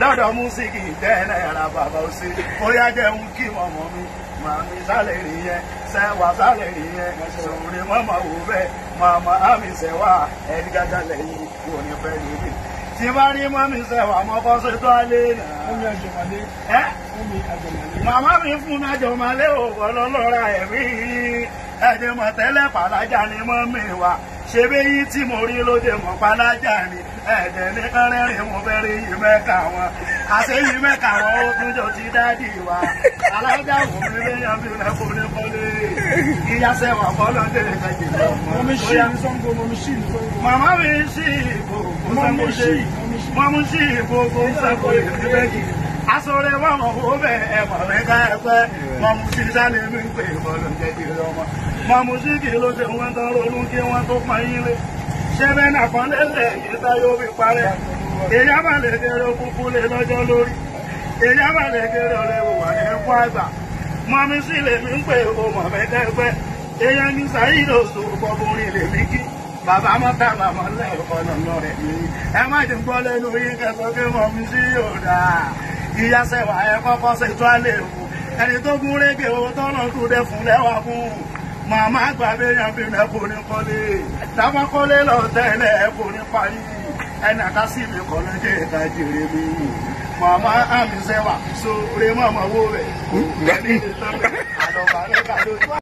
dọ́dọ̀ músíkì jẹ́ náírà bàbá òsì bóyá jẹ́ ń kí ọmọ mi màmí sálẹ̀ rí yẹn sẹ́wà sálẹ̀ rí yẹn sòrè mọ́mọ́ wò bẹ́ẹ̀ màmá àmì sẹ́wà ẹni gàgà lẹ́yìn kò ní fẹ́ níbi. tí bá rí mọ́mí sẹ́wà mọ́ bọ́ sí tó alẹ́ náà. omi àjọmọ̀lé. ẹ́ omi àjọmọ̀lé. màmá mi fún mi àjọmọ̀lé òwò lọ́lọ́ra ẹ̀mí ẹ̀jẹ̀ mọ̀tẹ́lẹ̀ pàlájà ni mọ́mí wa ṣebí yín tí mo rí lóde mọ̀ palájà ni ẹ̀ẹ́dẹ̀ ní kánrẹ́rìn mo fẹ́ rí yìí mẹ́ka wọn àṣé yìí mẹ́ka wọn ó tún jọ ti dádì wa alájà wò mí léyàn mi rẹ̀ kó ní kọ́lé ìyáṣẹ́ wà kọ́ lọ́dẹ̀ rẹ̀ kẹ́jì lọ́mọ. màmá mi ṣì ìbò kó sẹ́kọ̀ọ́ yẹn níbẹ̀ yìí asọ̀rẹ́ wọn mọ̀ owó bẹ́ẹ̀ ẹ̀pọ̀ mẹ́ta ẹ̀pẹ́ mọ̀mú sí sálé mi ń pè mọ̀ ló ń jẹ́ kiri ọmọ mọ̀mú sí kiri ló ṣe wọ́n tán ronú kí wọ́n tó pọn yín lé ṣẹ́fẹ́ náà kan lẹ́sẹ̀ ìta yóò fi parẹ́ èyí àbàlẹ̀ kẹrẹ kúkú lé lọ́jọ́ lórí èyí àbàlẹ̀ kẹrẹ ọ̀rẹ́ wò wà ní ẹ̀kọ́ àgbà mọ̀mú sí lèmi ń pè mọ̀ mẹ́ta ẹ̀pẹ́ èyàn ní sàyídò sòkò bórin lè mí kí bàbá mọ́ta màmá lẹ́ẹ̀kọ́ lọ́nà rẹ̀ ẹ má ti gbọ́ lẹ́nu yín kẹsàn-án pé mọ̀mí sí yóò dáa ìyá sẹ́wà ẹ kọ́kọ́ ṣe tó alẹ́ o ẹni tó gún régé o tọ́nà tó dẹ fún lẹ́wà kú màmá gbàgbé yan bí mẹ́ kò ní kọ́lé dábọ́kọ́lé lọ tẹ́lẹ̀ kò ní parí ẹnì àkásí mi kọ́ ló jẹ́ ìta jèrè mi màmá àmì sẹ́wà sóore mọ̀mọ́ wó rẹ̀ kò ní ìtọ́jú àlọ́bàárẹ́ kàdó.